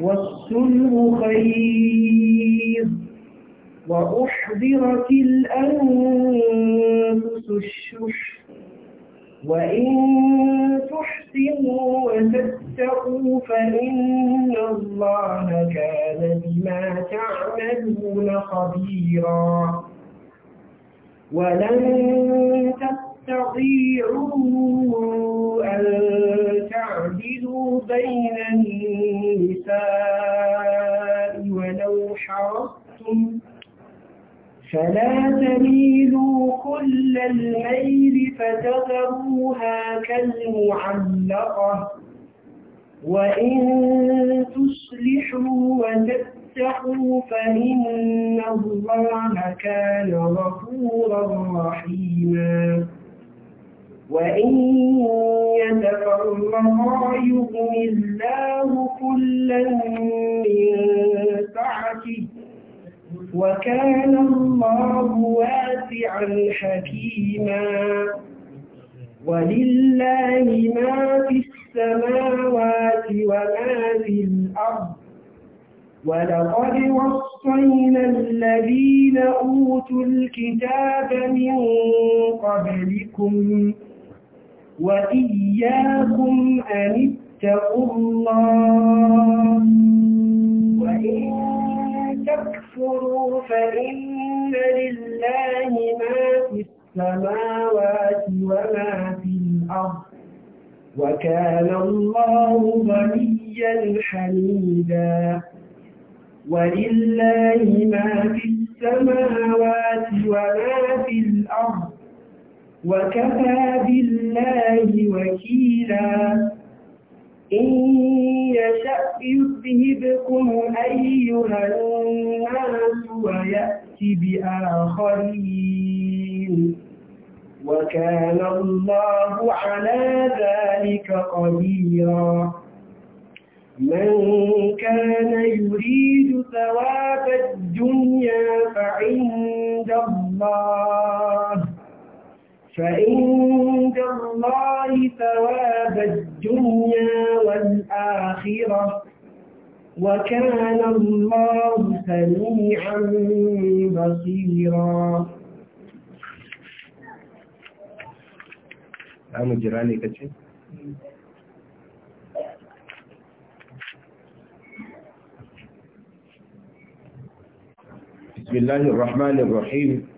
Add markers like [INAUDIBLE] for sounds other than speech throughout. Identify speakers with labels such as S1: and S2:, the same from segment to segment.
S1: والصلح خير وأحضرت الأنفس الشح وإن تحسنوا وتتقوا فإن الله كان بما تعملون خبيرا ولن تتقوا تستطيعوا أن تعدلوا بين النساء ولو حرصتم فلا تميلوا كل الميل فتذروها كالمعلقة وإن تصلحوا وتتقوا فإن الله كان غفورا رحيما وإن يدع الله يغني الله كلا من سعته وكان الله واسعا حكيما ولله ما في السماوات وما في الأرض ولقد وصينا الذين أوتوا الكتاب من قبلكم وإياكم أن اتقوا الله وإن تكفروا فإن لله ما في السماوات وما في الأرض وكان الله غنيا حميدا ولله ما في السماوات وما في الأرض وكفى بالله وكيلا إن يشأ يذهبكم أيها الناس ويأتي بآخرين وكان الله على ذلك قديرا من كان يريد ثواب الدنيا فعند الله فعند الله ثواب الدنيا والآخرة وكان الله سميعا بصيرا
S2: أنا جراني كتير بسم الله الرحمن الرحيم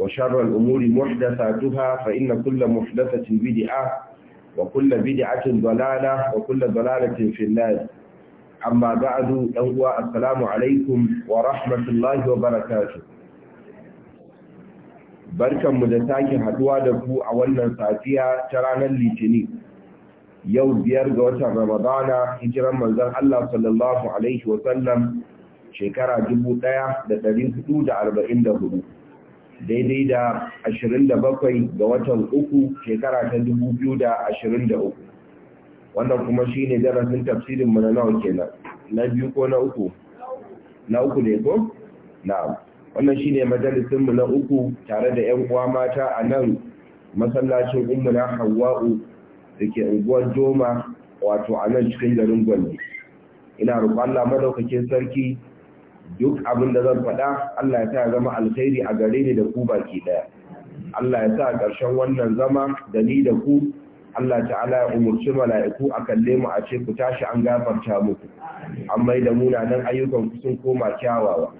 S2: وشر الأمور محدثاتها فإن كل محدثة بدعة وكل بدعة ضلالة وكل ضلالة في النار أما بعد uwa السلام عليكم ورحمة الله وبركاته barkan mu da sake haduwa da ku a wannan safiya ta ranar Litinin, yau biyar ga watan ramadana hijiran manzon Allah sallallahu alaihi wa sallam shekara 1444 daidai da 27 ga watan uku shekara ta 2023 wannan kuma shi ne darasin tafsirinmu na nawa kenan na biyu ko na uku na uku ne ko? na wannan shi ne majalisinmu na uku tare da 'yan uwa mata a nan masallacin ummu na hawa'u da ke unguwar joma wato a nan cikin garin gwanne ina roƙon Allah madaukakin sarki duk abin da zan faɗa Allah ya sa zama alkhairi a gare ni da ku baki daya Allah ya sa ƙarshen wannan zama da ni da ku Allah ta'ala ya umurci mala'iku a kalle mu a ce ku tashi an gafarta muku an mai da munanan ayyukan ku sun koma kyawawa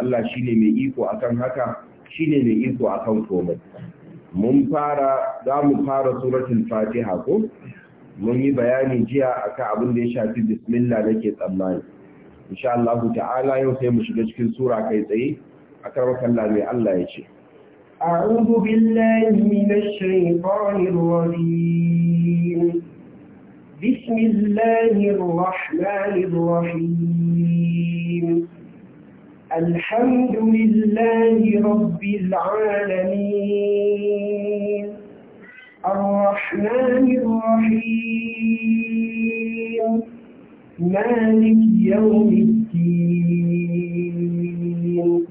S2: Allah shine mai iko akan haka shine mai iko akan komai mun fara za mu fara suratul fatiha ko mun yi bayani jiya akan abin da ya shafi bismillah nake tsammani إن شاء الله تعالى sai mu shiga سورة sura kai tsaye akramakan الله يا شيخ
S1: أعوذ بالله من الشيطان الرجيم بسم الله الرحمن الرحيم الحمد لله رب العالمين الرحمن الرحيم مالك يوم الدين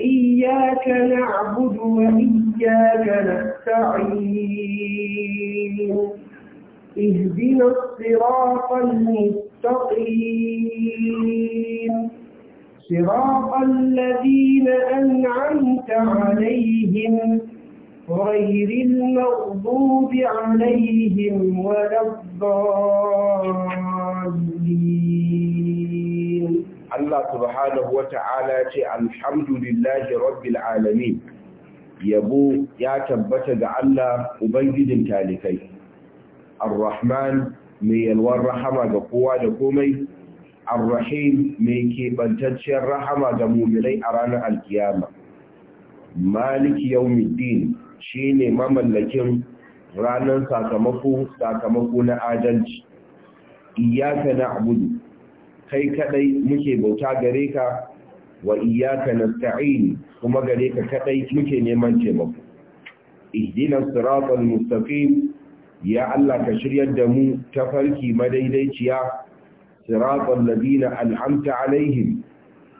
S1: إياك نعبد وإياك نستعين اهدنا الصراط المستقيم صراط الذين أنعمت عليهم غير المغضوب عليهم ولا الضالين عظيم
S2: الله سبحانه ce الحمد لله رب العالمين yabo ya tabbata ga Allah Ubangijin talikai, Ar-Rahman mai yalwar rahama ga kowa da komai, Ar-Rahim mai keɓantacciyar rahama ga muminai a ranar alkiyama. Maliki Yawmiddin shi ne mamallakin ranar sakamako sakamako na adalci. iyyaka Abudu kai kadai muke bauta gare ka wa iyyaka nasta'in kuma gare ka kadai muke neman taimako ihdinas siratal mustaqim ya Allah ka shiryar da mu ta farki madaidaiciya siratal ladina an'amta alaihim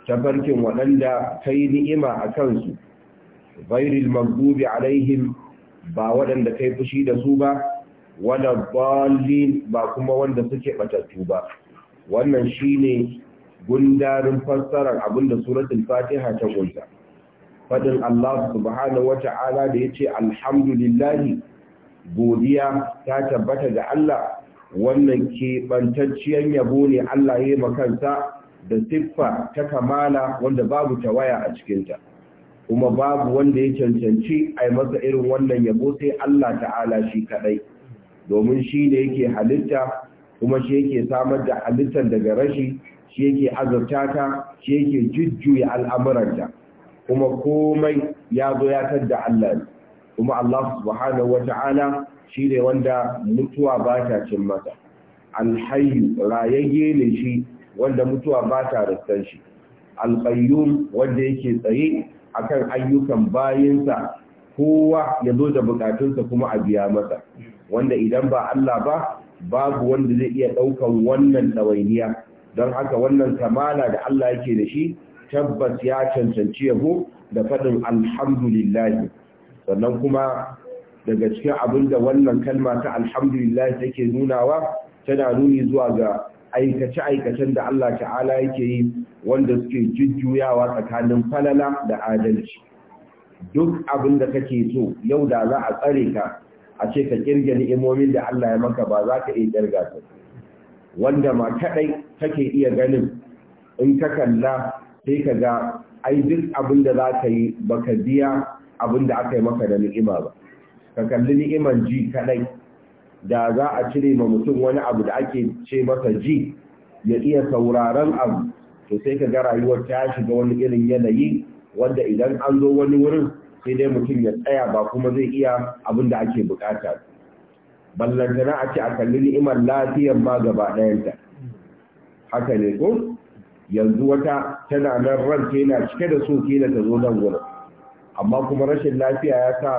S2: ta farkin waɗanda kai ni'ima a kansu ghairil maghdubi alaihim ba waɗanda kai fushi da su ba wala balin ba kuma wanda suke batattu ba wannan shine gundarin fassarar abinda suratul fatiha ta gunta fadin Allah subhanahu wata'ala da yace lillahi godiya ta tabbata ga Allah wannan ke bantacciyar yabo ne Allah ya makansa da siffa ta kamala wanda babu tawaya a cikinta kuma babu wanda ya cancanci a masa irin wannan yabo sai Allah ta'ala shi kadai domin shi ne yake halitta kuma shi yake samar da halittar daga rashi shi yake azurta ta shi yake jujjuya al'amuranta kuma komai ya zo ya tadda Allah ne kuma Allah subhanahu wa ta'ala shi ne wanda mutuwa ba ta cin masa alhayu rayayye ne shi wanda mutuwa ba ta rassan shi alqayyum wanda yake tsaye akan ayyukan bayinsa kowa ya zo da bukatunsa kuma a biya masa wanda idan ba Allah ba babu wanda zai iya ɗaukan wannan ɗawainiya don haka wannan kamala da Allah yake da shi tabbas ya cancanci yabo da faɗin alhamdulillah sannan kuma daga cikin abin da wannan kalma ta alhamdulillah take nunawa tana nuni zuwa ga aikace-aikacen da Allah ta'ala yake yi wanda suke jujjuyawa tsakanin falala da adalci duk abin da kake so yau da za a tsare ka a ce ka kirga ni'imomin da Allah ya maka ba za ka iya kirga ta wanda ma kadai kake iya ganin in ka kalla sai ka ga ai duk abin da za ka yi baka biya abin da aka yi maka da ni'ima ba ka kalli ni'iman ji kadai da za a cire ma mutum wani abu da ake ce maka ji ya iya sauraron abu to sai ka ga rayuwar ta shiga wani irin yanayi wanda idan an zo wani wurin sai dai mutum ya tsaya ba kuma zai iya abin da ake bukata ballantana a ce a kalli ni'imar lafiyar ma gaba ɗayanta haka ne ko yanzu wata tana nan ran yana cike da so kila ta zo nan wurin amma kuma rashin lafiya ya sa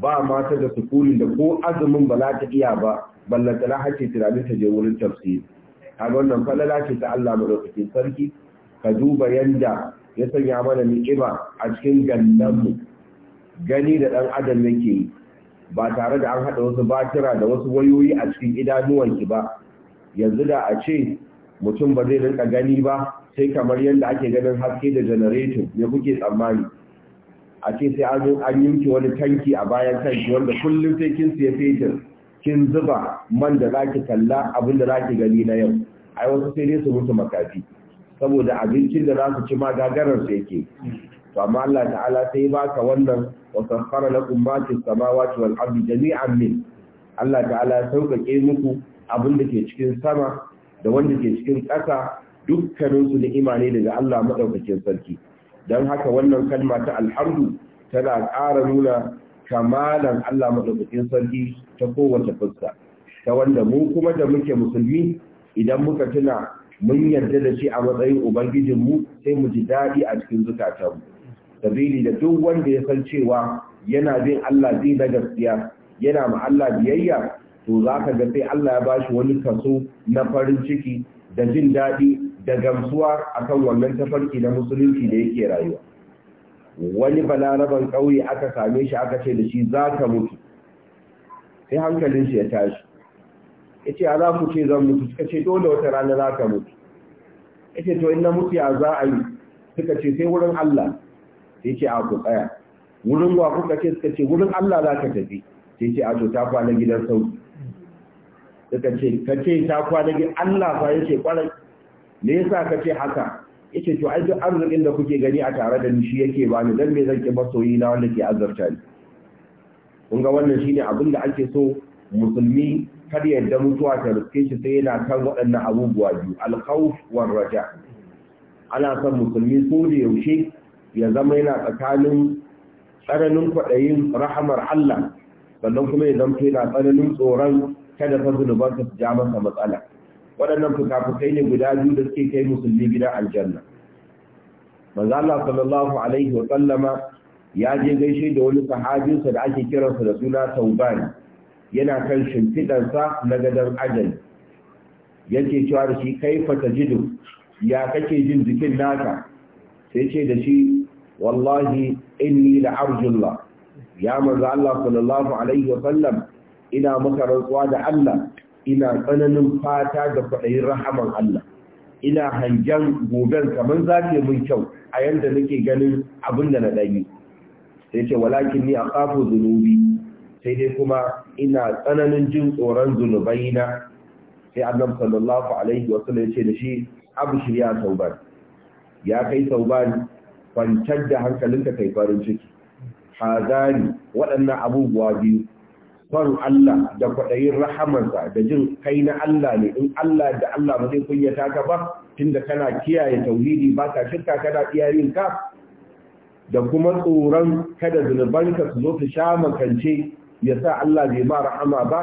S2: ba mata da sukunin da ko azumin ba za ta iya ba ballantana har ce tunanin ta je wurin tafsiri kaga wannan falala ce ta Allah madaukakin sarki ka duba yanda ya sanya mana ni'ima a cikin gannanmu. gani da ɗan adam yake yi ba tare da an haɗa wasu batira da wasu wayoyi a cikin idanuwanki ba yanzu da a ce mutum ba zai rinka gani ba sai kamar yadda ake ganin haske da janareto ne kuke tsammani a ce sai an an yanke wani tanki a bayan tanki wanda kullum sai kin siya fetur kin zuba man da zaki kalla abin da zaki gani na yau ai wasu sai dai su mutu makafi saboda abincin da za su ci ma gagarar yake to amma Allah ta'ala sai baka wannan wa sakhara lakum ma fi samawati wal ardi jami'an min Allah ta'ala ya sauƙaƙe muku abin da ke cikin sama da wanda ke cikin ƙasa dukkanin su da imani daga Allah madaukakin sarki dan haka wannan kalma ta alhamdu tana ƙara nuna kamalan Allah madaukakin sarki ta kowace fuska ta wanda mu kuma da muke musulmi idan muka tuna mun yarda da shi a matsayin ubangijinmu sai mu ji daɗi a cikin zukatanmu sabili da duk wanda ya san cewa yana bin Allah zai na gaskiya yana ma Allah biyayya to za ka ga sai Allah ya bashi wani kaso na farin ciki da jin daɗi da gamsuwa a kan wannan tafarki na musulunci da yake rayuwa wani balaraban ƙauye aka same shi aka ce da shi za ka mutu sai hankalin shi ya tashi ya ce a za ku ce zan mutu suka ce dole wata rana za ka mutu ya ce to in na mutu ya za a yi suka ce sai wurin Allah ya ce a ku tsaya wurin wa kuka ce suka ce wurin Allah za ka tafi sai ce a to ta kwana gidan sauki suka ce ka ce ta kwana gidan Allah fa ya ce kwarai me yasa ka ce haka yace to ai duk arzikin da kuke gani a tare da ni shi yake ba ni dan me zan ki masoyi na wanda ke azarta ni kun ga wannan shine abin da ake so musulmi kar yadda mutuwa ta riske shi sai yana kan waɗannan abubuwa biyu alkhawf war raja ana son musulmi ko da yaushe ya zama yana tsakanin tsananin kwaɗayin rahamar Allah sannan kuma ya zama yana tsananin tsoron kada ta zunuban su ja masa matsala waɗannan fikafikai ne guda biyu da suke kai musulmi gidan aljanna manzo Allah sallallahu alaihi wa sallama ya je gaishe da wani sahabinsa da ake kiransa da suna Taubani yana kan shimfiɗarsa na gadon ajali yake cewa da shi kaifa jidu? ya kake jin jikin naka sai ce da shi wallahi inni da arjullah ya manzo Allah sallallahu alaihi wa sallam ina maka rantsuwa da Allah ina tsananin fata da kwaɗayin rahaman Allah ina hangen goben kamar za ta mun kyau a yanda nake ganin abin da na ɗanyi sai ce walakin ni a kafin zunubi sai dai kuma ina tsananin jin tsoron zunubaina sai annabi sallallahu alaihi wa sallam yace da shi abu shirya tauban ya kai tauban kwantar da hankalinka kai farin ciki hazani waɗannan abubuwa biyu Kwan Allah da kwaɗayin rahamarsa da jin kai na Allah ne in Allah da Allah ba zai kunyata ka ba tunda kana kiyaye tauhidi ba ka shirka kana iyayen ka da kuma tsoron kada zunubanka su zo su sha makance ya sa Allah bai ba rahama ba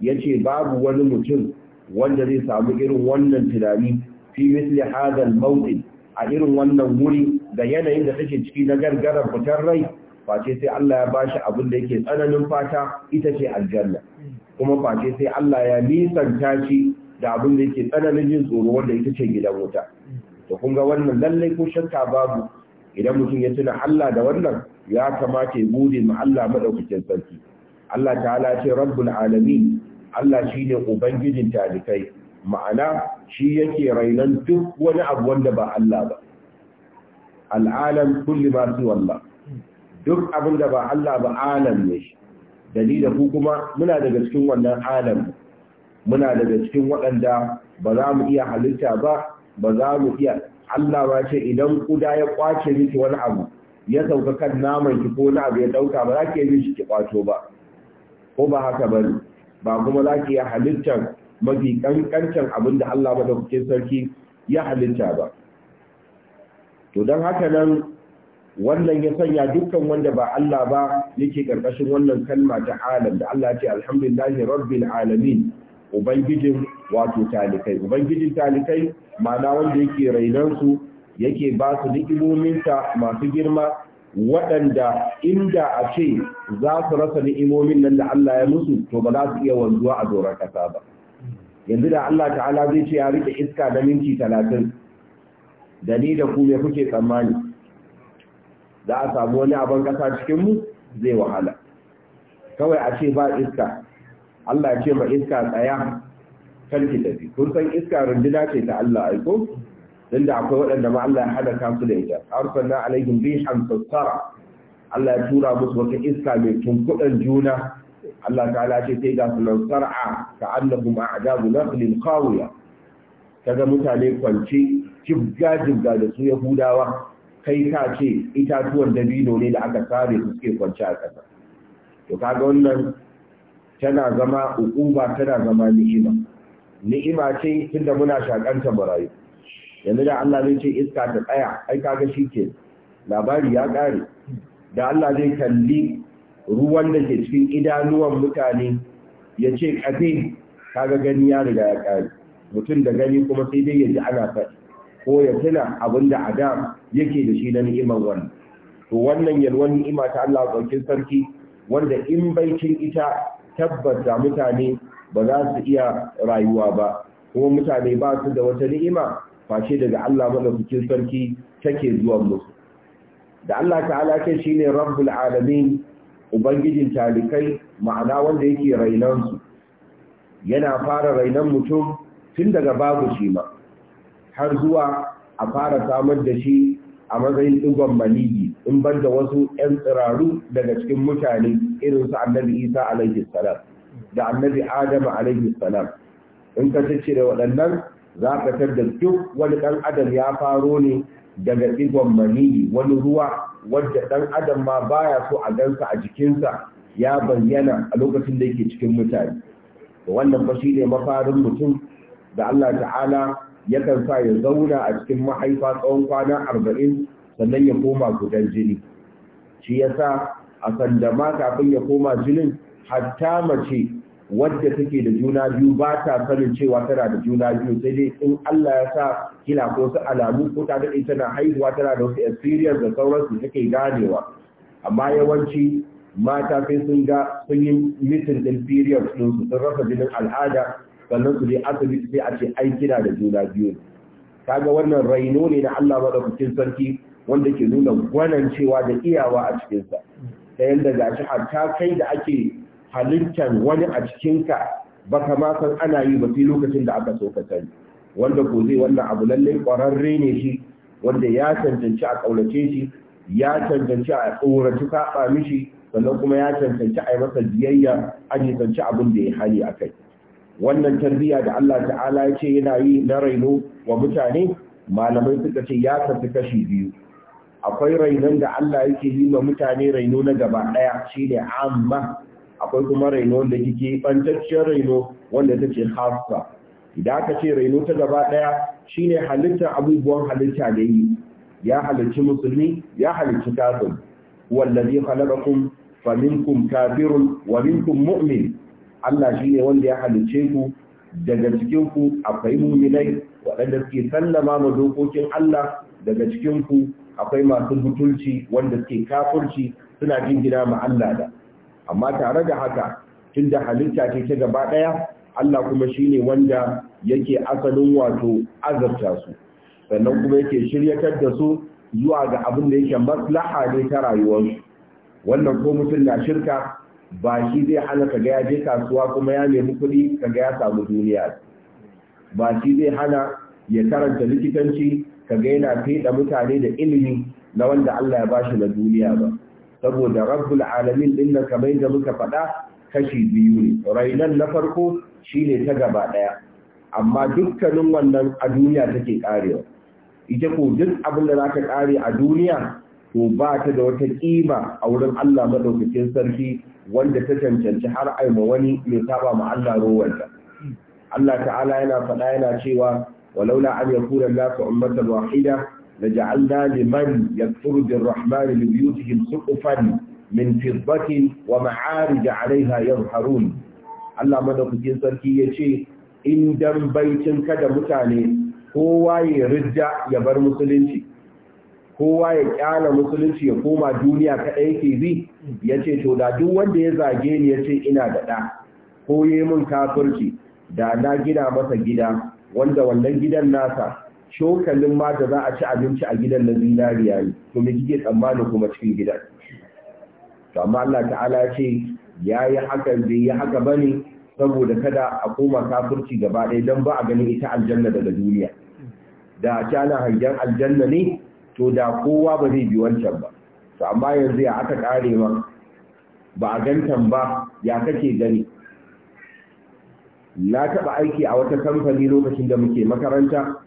S2: ya ce babu wani mutum wanda zai samu irin wannan tunani fi misli hadal mawdin a irin wannan wuri da yanayin da take ciki na gargarar fitar rai face sai Allah ya bashi abin da yake tsananin fata ita ce aljanna kuma face sai Allah ya nisanta shi da abin da yake tsananin jin tsoro wanda ita ce gidan wuta to kun ga wannan lallai ko shakka babu idan mutum ya tuna Allah da wannan ya kamata ya gode ma Allah madaukakin sarki Allah ta'ala ce rabbul alamin Allah ne ubangijin talikai ma'ana shi yake rainan duk wani abu wanda ba Allah ba al'alam kulli ma su wallah duk abin da ba Allah ba alam ne shi dalila ku kuma muna daga cikin wannan alam muna daga cikin waɗanda ba za mu iya halitta ba ba za mu iya Allah ba ce idan kuda ya kwace miki wani abu ya sauka kan naman ki ko na abu ya dauka ba za ki yi shi ki kwato ba ko ba haka ba ne ba kuma za ki ya halittar mafi kankancin abin da Allah madaukakin sarki ya halitta ba to don haka nan wannan ya sanya dukkan wanda ba Allah ba yake ƙarƙashin wannan kalma ta alam da Allah ce alhamdulillahi rabbil alamin ubangijin wato talikai ubangijin talikai ma'ana wanda yake rainansu su yake ba su ni'imominsa masu girma waɗanda inda a ce za su rasa ni'imomin nan da Allah ya musu to ba za su iya wanzuwa a doron ƙasa ba yanzu da Allah ta'ala zai ce ya rike iska da minti talatin da ni da ku me kuke tsammani za a samu wani abin ƙasa cikin mu zai wahala kawai a ce ba iska Allah ce ma iska tsaya kan ki tafi kun san iska runduna ce ta Allah aiko tunda akwai waɗanda ma Allah ya halaka su da ita arsalna alaihim rihan tasara Allah ya tura musu wata iska mai tunkudan juna Allah ta'ala ce sai ga sunan sar'a ka annahum a'jabu naqlin qawiya kaga mutane kwance jibga jibga da su yahudawa kai ka ce itatuwan dabino ne da aka sare su suke kwanci a ƙasa to kaga wannan tana zama uquba tana zama ni'ima ni'ima ce tunda muna shakanta barayi yanzu da Allah zai ce iska ta tsaya ai kaga shi ke labari ya kare. da Allah zai kalli ruwan da ke cikin idanuwan mutane ya ce kafe kaga gani ya riga ya kare. mutum da gani kuma sai dai ya ji ana faɗi ko ya tuna abin da adam yake da shi na ni'imar wannan to wannan yalwan ni'ima ta Allah ɗaukin sarki wanda in baikin ita tabbata mutane ba za su iya rayuwa ba kuma mutane ba su da wata ni'ima Fashe daga Allah madaukakin sarki take zuwa musu da Allah ta'ala kai shine rabbul alamin ubangijin talikai ma'ana wanda yake rainan su yana fara rainan mutum tun daga babu shi ma har zuwa a fara samar da shi a matsayin dugon maniyi in banda wasu 'yan tsiraru daga cikin mutane irin su annabi isa alaihi salam da annabi adam alaihi salam in ka tace da waɗannan za ka da duk wani ɗan adam ya faro ne daga ɗigon maniyi wani ruwa wadda ɗan adam ma baya so a gansa a jikinsa ya bayyana a lokacin da yake cikin mutane wannan fa ne mafarin mutum da Allah ta'ala ya kan sa ya zauna a cikin mahaifa tsawon kwana arba'in sannan ya koma gudan jini shi yasa a ma kafin ya koma jinin hatta mace wadda take da juna biyu ba ta sanin cewa tana da juna biyu sai dai in Allah ya sa kila ko su alamu ko ta daɗe tana haihuwa tana da wasu experience da sauransu take ganewa amma yawanci mata sai sun ga sun yi mitin din period sun su sun rasa jinin al'ada sannan su je asibiti sai a ce ai kina da juna biyu kaga wannan raino ne na Allah madaukakin sarki wanda ke nuna gwanan cewa da iyawa a cikinsa ta yanda gashi ta kai da ake halittar wani a cikinka ba ka ma san ana yi ba sai lokacin da aka so ka sani wanda ko zai wannan abu lallai kwararre ne shi wanda ya cancanci a ƙaunace shi ya cancanci a tsoraci kaɓa mishi sannan kuma ya cancanci a yi masa biyayya a nisanci abin da ya hali a kai wannan tarbiyya da Allah ta'ala ya ce yana yi na raino wa mutane malamai suka ce ya kasu kashi biyu akwai rainon da Allah yake yi wa mutane raino na gaba ɗaya shine amma akwai kuma raino da kike bantacciyar raino wanda ta ce hasa idan aka ce raino ta gaba ɗaya shine halittar abubuwan halitta da yi ya halicci musulmi ya halicci kafin wallazi khalaqakum faminkum kafirun wa minkum mu'min Allah shine wanda ya halicce ku daga cikin ku akwai mu'minai waɗanda suke sallama ma dokokin Allah daga cikin ku akwai masu butulci wanda suke kafirci suna jin gida ma Allah da amma tare da haka tun da halitta ke ta gaba ɗaya Allah kuma shine wanda yake asalin wato azabta su sannan kuma yake shiryatar da su zuwa ga abin da yake maslaha ne ta rayuwarsu wannan ko mutum na shirka ba shi zai hana kaga ya je kasuwa kuma ya nemi kuɗi kaga ya samu duniya ba shi zai hana ya karanta likitanci kaga yana feɗa mutane da ilimi na wanda Allah ya bashi na duniya ba saboda rabbul alamin din kamar yadda muka faɗa kashi biyu ne rainan na farko shine ta gaba ɗaya amma dukkanin wannan a duniya take karewa ita ko duk abin da zaka kare a duniya to ba ta da wata kima a wurin Allah madaukakin sarki wanda ta cancanci har aima wani mai saba ma Allah rowanta Allah ta'ala yana faɗa yana cewa walaula an yakuna nasu ummatan wahida لجعلنا لمن يكفر بالرحمن لبيوتهم سقفا min fiddatin wa da alaiha Harun. Allah madaukakin sarki yace in dan baitin kada mutane kowa ya ridda ya bar musulunci kowa ya kyala musulunci ya koma duniya kadai yake bi yace to da duk wanda ya zage ni yace ina da da ko yayi mun kafirci da na gina masa gida wanda wannan gidan nasa cokalin ma da za a ci abinci a gidan na zinariya ne to me kike tsammani kuma cikin gidan to amma Allah ta'ala ya ce yayi hakan bai yi haka bane saboda kada a koma kafirci gaba ɗaya dan ba a ganin ita aljanna daga duniya da ta na hangen aljanna ne to da kowa ba zai bi wancan ba to amma yanzu ya aka kare ma ba a gantan ba ya kake gani na taɓa aiki a wata kamfani lokacin da muke makaranta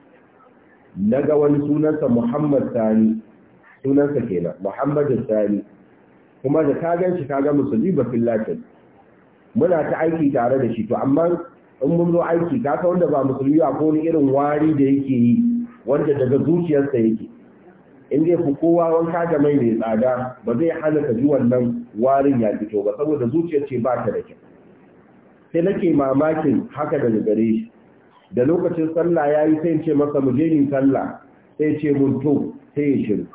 S2: na ga wani sunansa Muhammad Sani sunansa kenan Muhammad Sani kuma da ka gan shi ka ga musulmi ba fillatin muna ta aiki tare da shi to amma in mun zo aiki ka san wanda ba musulmi ba ko irin wari da yake yi wanda daga zuciyarsa yake in zai fi kowa wanka da mai mai tsada ba zai hana ka ji wannan warin ya fito ba saboda zuciyar ce ba ta da kyau sai nake mamakin haka daga gare shi da lokacin sallah ya yi sai ce masa mu je yin sallah sai ce mun to sai ya shiru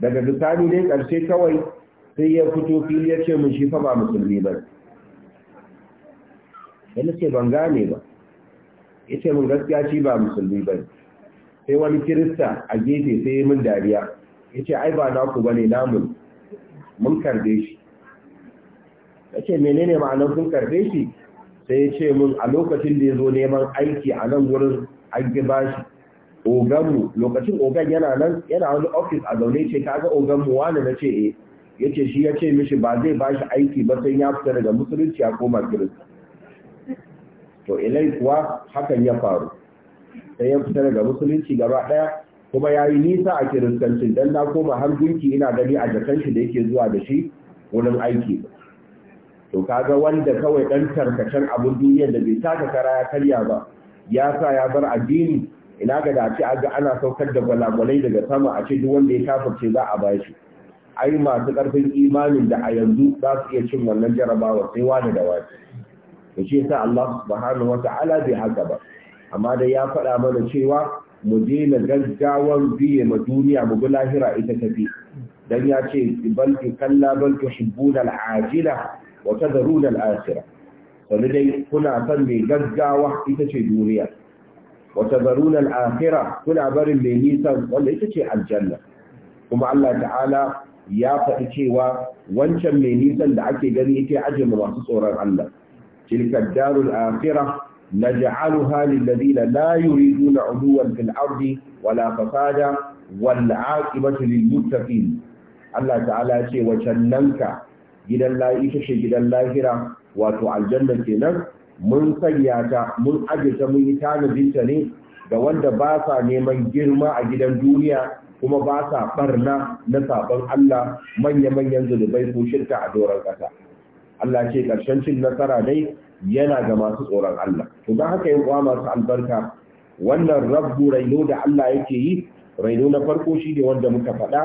S2: daga bisani ne ƙarshe kawai sai ya fito fili ya ce mun shi fa ba musulmi ba yana ce ban gane ba ya ce mun gaskiya shi ba musulmi ba sai wani kirista a gefe sai mun dariya ya ce ai ba naku ba ne namun mun karbe shi ya ce menene ma'anar kun karbe shi sai ya ce min a lokacin da ya zo neman aiki a nan wurin an ba shi, oganmu lokacin ogan yana nan yana wani ofis a zaune ce ga oganmu wani na ce eh ce shi ya ce mishi ba zai ba shi aiki ba sai ya fita daga musulunci a koma kirista to ilai kuwa hakan ya faru sai ya fita daga musulunci gaba daya kuma ya yi nisa a kiristancin don na koma har gunki ina gani a jakan da yake zuwa da shi wurin aiki ba to kaga wanda kawai dan tarkacen abun duniya da bai taka kara ya karya ba ya sa ya bar addini ina ga dace a ga ana saukar da gwalagwalai daga sama a ce duk wanda ya kafirce za a bashi ai masu karfin imanin da a yanzu za su iya cin wannan jarabawa sai wani da wani to shi yasa Allah subhanahu wata'ala bai haka ba amma dai ya faɗa mana cewa mu daina gaggawar biye ma duniya mu bi lahira ita tafi dan ya ce bal kalla bal tuhibbuna al-ajila Wata tadharuna al-akhirah sanu dai kuna san mai gaggawa ita ce duniya Wata tadharuna al kuna barin mai nisan wanda ita ce aljanna kuma Allah ta'ala ya faɗi cewa wancan mai nisan da ake gani ita ajin masu tsoron Allah tilka darul akhirah naj'aluha lil ladina la yuriduna 'uluwan fil filardi wala fasada wal 'aqibatu lil muttaqin Allah ta'ala ya ce wacan nanka gidan layi ita ce gidan lahira wato aljanna kenan mun sanya ta mun aje ta mun yi tanadin ta ne ga wanda ba sa neman girma a gidan duniya kuma ba sa barna na sabon Allah manya-manyan zulubai ko shirka a doron kasa. Allah ce ƙarshen cin nasara dai yana ga masu tsoron Allah. To don haka yin kwa masu albarka wannan rabbu raino da Allah yake yi raino na farko shi ne wanda muka faɗa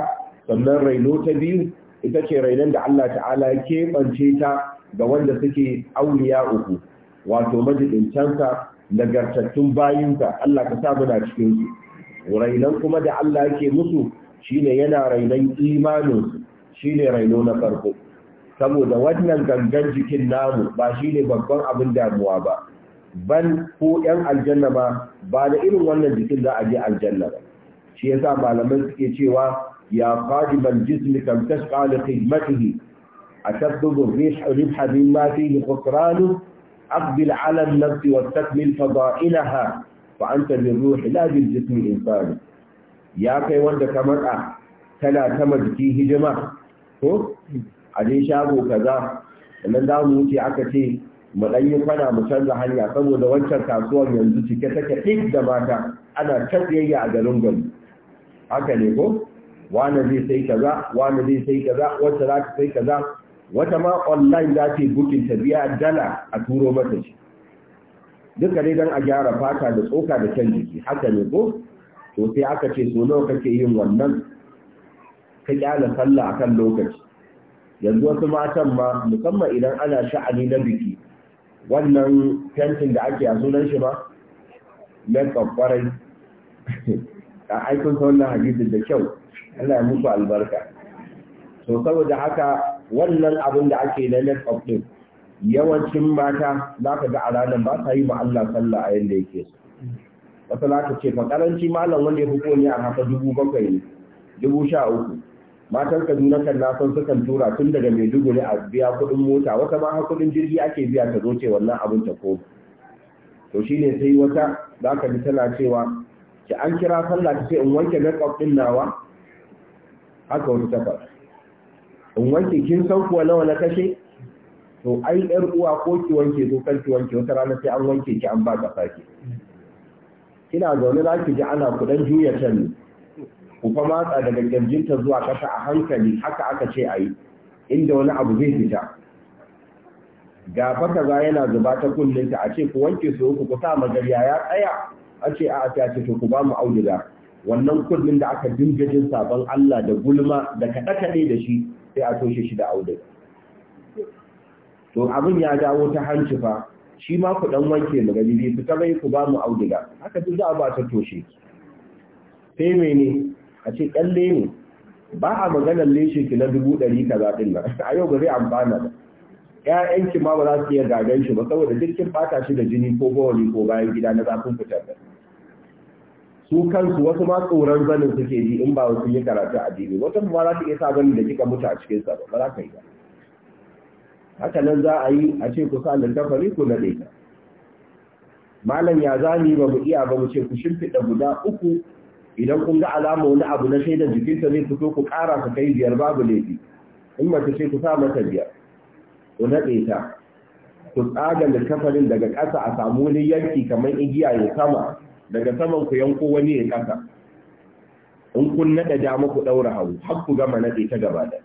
S2: sannan raino ta biyu ita ce rainon da Allah ta'ala keɓance ta ga wanda suke auliya uku wato majidincansa nagartattun bayinka Allah ka sa muna cikin su rainon kuma da Allah ke musu shine yana rainon imanin shine raino na farko saboda wannan gangan jikin namu ba shine babban abin damuwa ba ban ko yan aljanna ba ba da irin wannan jikin za a je aljanna ba shi yasa malamai suke cewa يا قادم الجسم كم تشقى لخدمته أتبدو الريح ربح مما فيه خسرانه أقبل على النفس واستكمل فضائلها فأنت بالروح لا بالجسم إنسان يا كي وانت كمرأة تلا تمد فيه جمع ko a dai shago kaza sannan za wuce aka ce mu dan fana mu canza hanya saboda wancan kasuwar yanzu cike take duk da mata ana ta a garin gari haka ne ko wani zai sai kaza wani zai sai kaza wata za ta sai kaza wata ma online za ta yi bukin ta biya dala a turo mata shi duka dai don a gyara fata da tsoka da can jiki haka ne ko to sai aka ce so nawa kake yin wannan ka kyala sallah a kan lokaci yanzu wasu matan ma musamman idan ana sha'ani na biki wannan fentin da ake a sunan shi ma makeup kwarai [LAUGHS] a aikin wannan hadisi da kyau Allah ya musu albarka to saboda haka wannan abin da ake na net of din yawancin mata za ka ga a ranar ba sa yi ma Allah sallah a yadda yake wata za ta ce makaranci malam wanda ya fi ne a haka dubu bakwai ne dubu sha uku matan kaduna kan nasan san tura tun daga mai maiduguri a biya kuɗin mota wata ma har kuɗin jirgi ake biya ta zo ce wannan abin ta ko to shine sai wata za ka ji tana cewa ki an kira sallah ta ce in wanke makeup din nawa haka wani tafa in wanke kin san kuwa nawa na kashe to ai yar uwa ko ki wanke zo kan ki wanke wata rana sai an wanke ki an ba ka saki kina zaune za ki ji ana kudan juya can ne ku fa matsa daga kirjinta zuwa kasa a hankali haka aka ce ayi inda wani abu zai fita ga fa kaza yana zuba ta kullunta, a ce ku wanke su ku ku sa magarya ya tsaya ake a a'a ta ce ku ba mu auduga wannan kullun da aka dinga jin sabon Allah da gulma da kada kaɗe da shi sai a toshe shi da auduga to abin ya dawo ta hanci fa shi ma ku dan wanke mu gani bai fita bai ku ba mu auduga haka duk za a ba ta toshe sai mene a ce kalle ne ba a maganar leshe ki na dubu ɗari kaza ɗin nan [LAUGHS] a yau ba zai amfana ba ‘ya'yanki ma ba za su iya gagan shi ba saboda dukkin bata shi da jini ko bawali ko bayan gida na zafin fitar da su kansu wasu ma tsoron zanin suke ji in ba wasu yi karatu a jini wata ma za ta iya sa zanin da kika mutu a cikin sa ba za ka yi ba haka nan za a yi a ce ku sa tafari ku na ɗaya malam ya zami ba mu iya ba mu ce ku shimfiɗa guda uku idan kun ga alama wani abu na shaidar jikinta zai fito ku ƙara ka kai biyar babu laifi in mace ce ku sa mata biyar ku naɗe ta ku tsaga littafarin daga ƙasa a samu wani yanki kamar igiya ya sama daga saman ku yanko wani ya kasa in kun nada dama ku daura hagu har ku gama nade ta gaba da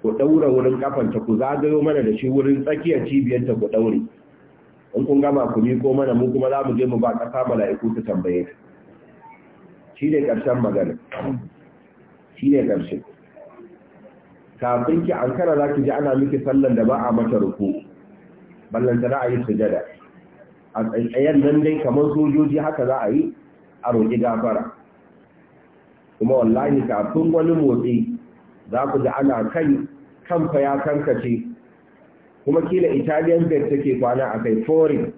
S2: ku daura wurin ta ku zagayo mana da shi wurin tsakiyar cibiyarta ku daure in kun gama ku miko mana mu kuma za mu je mu ba kasa mala'iku su tambaye shi ne karshen magana shi ne karshe kafin ki ankara za ki ji ana miki sallan da ba a mata ruku ballanta da ra'ayi su sujada a tsayen nan dai kamar sojoji haka za a yi a roƙi gafara kuma wallahi kafin wani motsi za ku ji ana kai kanfa ya kankace kuma kila italian bed take kwana a kai foreign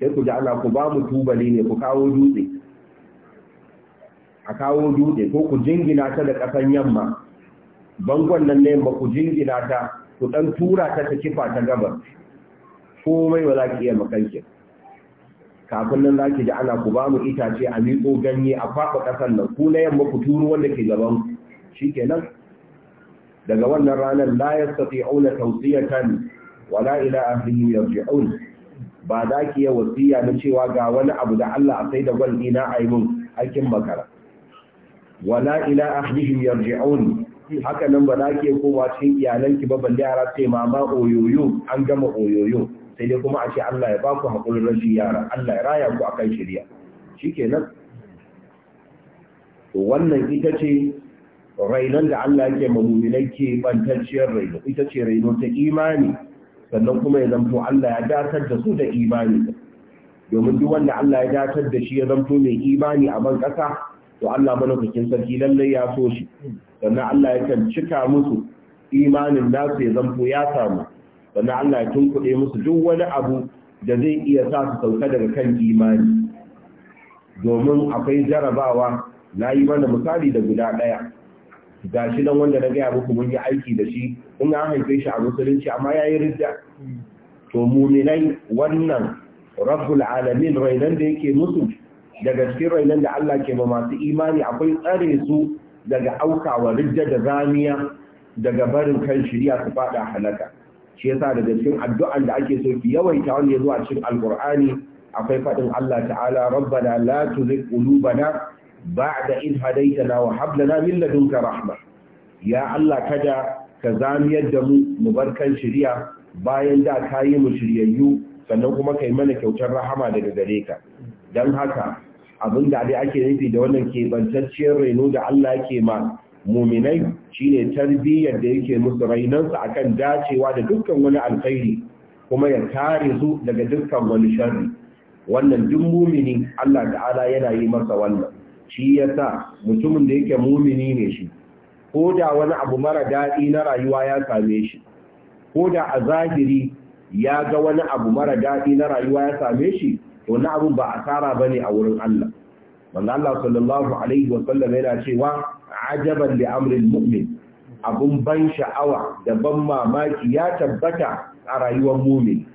S2: sai ku ji ana ku ba mu tubali ne ku kawo dutse a kawo dutse ko ku jingina ta da ƙasan yamma bangon nan ne yamma ku jingina ta ku ɗan tura ta ta kifa ta gabas komai ba za ki iya makankin kafin nan za ki ji ana ku ba mu itace a miƙo ganye a faɗa ƙasar nan ku na yamma ku turu wanda ke gaban shi kenan daga wannan ranar la yastati'una tawsiyatan wala ila ahlihi yarji'un ba za ki yi wasiya na cewa ga wani abu da Allah a sai da gwal dina a mun aikin makara wala ila ahlihi yarji'un haka nan ba za ki yi kowa cikin iyalanki ba balle yara ce mama oyoyo an gama oyoyo sai dai kuma a ce Allah ya baku haƙurin rashin yara Allah ya raya ku akan shirya shikenan to wannan ita ce rainon da Allah yake mamuminai ke bantacciyar raino ita ce raino ta imani sannan kuma ya zanto Allah ya datar da su da imani domin duk wanda Allah ya datar da shi ya zanto mai imani a ban ƙasa to Allah malaukakin sarki lallai ya so shi sannan Allah ya kan cika musu imanin nasu ya zanto ya samu sannan Allah ya tunkuɗe musu duk wani abu da zai iya sa su sauka daga kan imani domin akwai jarabawa na yi mana misali da guda ɗaya ga shi nan wanda na gaya muku mun yi aiki da shi in an haife shi a musulunci amma ya yi ridda to muminai wannan rabbul alamin rainan da yake musu daga cikin rainan da Allah ke ma masu imani akwai tsare su daga aukawa ridda da zamiya daga barin kan shirya su fada halaka shi yasa daga cikin addu'an da ake so ki yawaita wanda ya zuwa a cikin alqur'ani akwai faɗin Allah ta'ala rabbana la tuzigh qulubana ba'da idh hadaytana wa hab lana min ladunka rahma ya Allah kada ka zamiyar da mu mu barkan shirya bayan da ka yi mu shiryayyu sannan kuma kai mana kyautar rahama daga gare ka dan haka abin da dai ake nufi da wannan kebantacciyar reno da Allah yake ma muminai shine tarbiyyar da yake musu rainansu akan dacewa da dukkan wani alkhairi kuma ya kare su daga dukkan wani sharri wannan duk mumini Allah ta'ala yana yi masa wannan shi yasa mutumin da yake mumini ne shi ko da wani abu mara daɗi na rayuwa ya same shi ko da a zahiri ya ga wani abu mara daɗi na rayuwa ya same shi to wani abu ba asara bane a wurin Allah manzo Allah sallallahu alaihi wa sallam yana cewa ajaban li amril mu'min abun ban sha'awa da ban mamaki ya tabbata a rayuwar mumin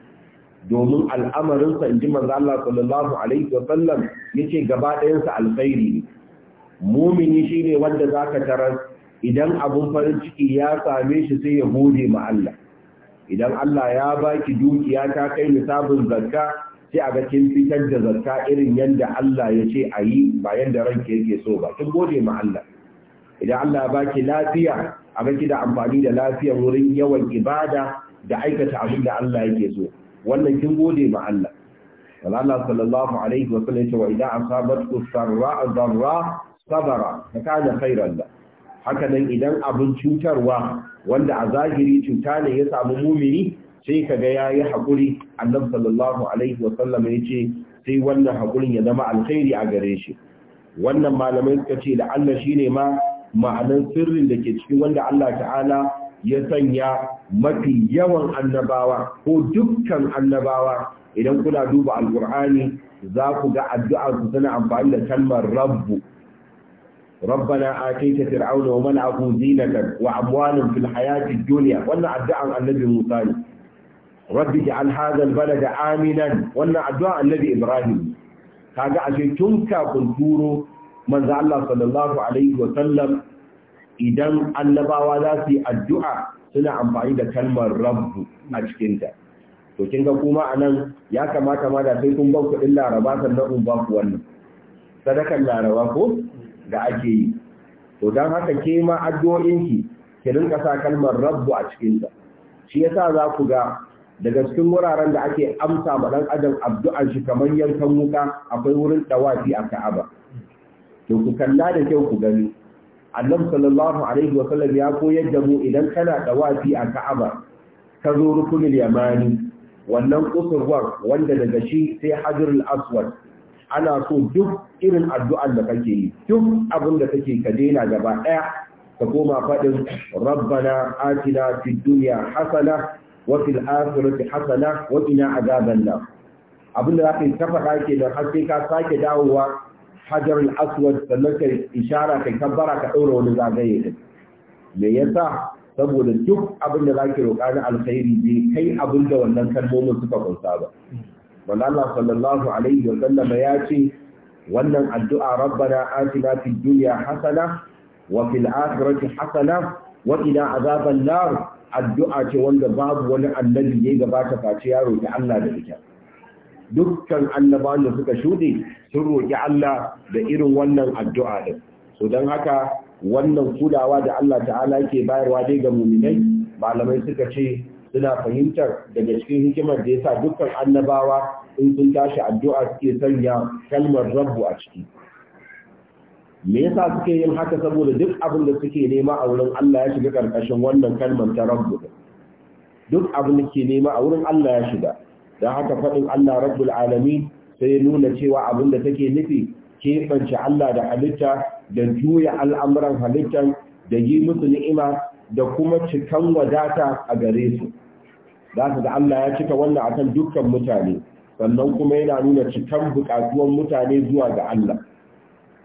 S2: domin al'amarinsa in ji manzo Allah sallallahu alaihi wa sallam yace gaba ɗayansa alkhairi ne mumini shine wanda zaka tarar idan abun farin ciki ya same shi sai ya gode ma Allah idan Allah ya baki dukiya ta kai misabin zakka sai a ga kin fitar da zakka irin yanda Allah ya ce a yi ba yanda ranke yake so ba kin gode ma Allah idan Allah baki lafiya a baki da amfani da lafiya wurin yawan ibada da aikata abin da Allah yake so wannan kin gode ma Allah Allah sallallahu alaihi wa sallam cewa idan asabatku sarra darra sabara kana khairan la haka nan idan abin cutarwa wanda a zahiri cuta ne ya samu mumini sai kaga yayi hakuri annabi sallallahu alaihi wa sallam yace sai wannan hakurin ya zama alkhairi a gare shi wannan malamai suka ce da Allah shine ma ma'anar sirrin da ke cikin wanda Allah ta'ala ya sanya mafi yawan annabawa ko dukkan annabawa idan kuna duba alkur'ani za ku ga addu'a su tana amfani da kalmar rabbu rabbana ta fir'auna wa mal'ahu zinatan wa amwalan fil hayati dunya wannan addu'an annabi Musa ne rabbi ja'al Alhazan al da aminan wannan addu'an annabi Ibrahim kaga ashe tun kafin turo manzo Allah sallallahu alaihi wa sallam idan annabawa za su yi addu'a suna amfani da kalmar rabbu a cikin ta to kin ga kuma anan ya kamata ma da sai kun ba kuɗin laraba sannan kun ba ku wannan sadakar laraba ko da ake yi to dan haka ke ma addu'o'inki ki rinka sa kalmar rabbu a cikin ta shi yasa za ku ga daga cikin wuraren da ake amsa ma dan adam addu'an shi kamar yankan wuka akwai wurin dawafi a Ka'aba to ku kalla da kyau ku gani annabi sallallahu alaihi wa sallam ya koyar da mu idan kana dawafi a Ka'aba ka zo rukunul yamani wannan kusurwar wanda daga shi sai hajarul aswad ana so duk irin addu'an da kake yi duk abin da kake ka daina gaba daya ka koma fadin rabbana atina fid dunya hasana wa fil akhirati hasana wa qina azaban nar abin da zaka yi ta faɗa kenan har sai ka sake dawowa hajarul aswad sannan ka ishara kai kabbara ka ɗaura wani zagaye ɗin me yasa saboda duk abin da zaki roƙa na alkhairi bai kai abin da wannan kalmomin suka kunsa ba wanda Allah sallallahu alaihi wa sallama ya ce wannan addu'a rabbana atina fid dunya hasana wa fil akhirati hasana wa ila azaban addu'a ce wanda babu wani annabi ya gabata face ya roki Allah da ita dukkan annabawan da suka shuɗe sun roƙi Allah da irin wannan addu'a din so don haka wannan kulawa da Allah ta'ala yake bayarwa dai ga muminai malamai suka ce suna fahimtar daga cikin hikimar da yasa dukkan annabawa in sun tashi addu'a suke sanya kalmar rabbu a ciki me yasa suke yin haka saboda duk abin da suke nema a wurin Allah ya shiga karkashin wannan kalmar ta rabbu duk abin da ke nema a wurin Allah ya shiga Da haka faɗin Allah rabbul alamin sai nuna cewa abinda take nufi keɓance Allah da halitta da juya al'amuran halittan da yi musu ni'ima da kuma cikan wadata a gare su. Za su da Allah ya cika wannan akan dukkan mutane, sannan kuma yana nuna cikan buƙatuwan mutane zuwa ga Allah.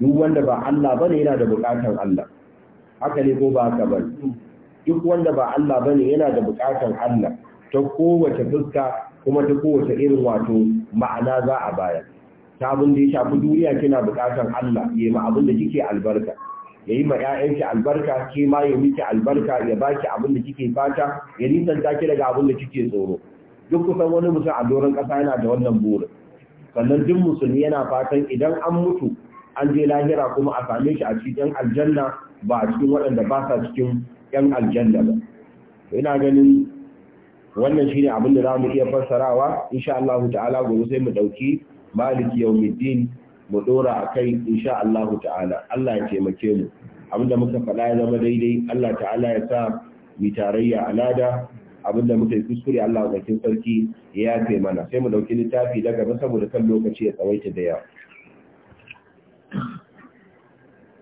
S2: Duk wanda ba Allah ba ne yana da buƙatan Allah. Haka ne ko ba haka ba Duk wanda ba Allah ba ne yana da buƙatan Allah ta kowace fuska kuma ta kowace irin wato ma'ana za a baya ta abin da ya shafi duniya kina bukatar Allah ya ma abin da kike albarka ya yi ma ƴaƴanki albarka ke ma ya miki albarka ya baki abin da kike fata ya nisan ki daga abin da kike tsoro duk kusan wani mutum a doron ƙasa yana da wannan burin sannan duk musulmi yana fatan idan an mutu an je lahira kuma a same shi a cikin aljanna ba a cikin waɗanda ba sa cikin 'yan aljanna ba ina ganin wannan shine abin da zamu iya fassarawa insha Allah ta'ala gobe sai mu dauki malik yawmiddin mu dora akai insha Allah ta'ala Allah ya taimake mu abinda muka faɗa ya zama daidai Allah ta'ala ya sa mu tarayya alada abinda muka yi kuskure Allah ya bakin sarki ya yafe mana sai mu dauki littafi daga ba saboda kan lokaci ya tsawaita da yawa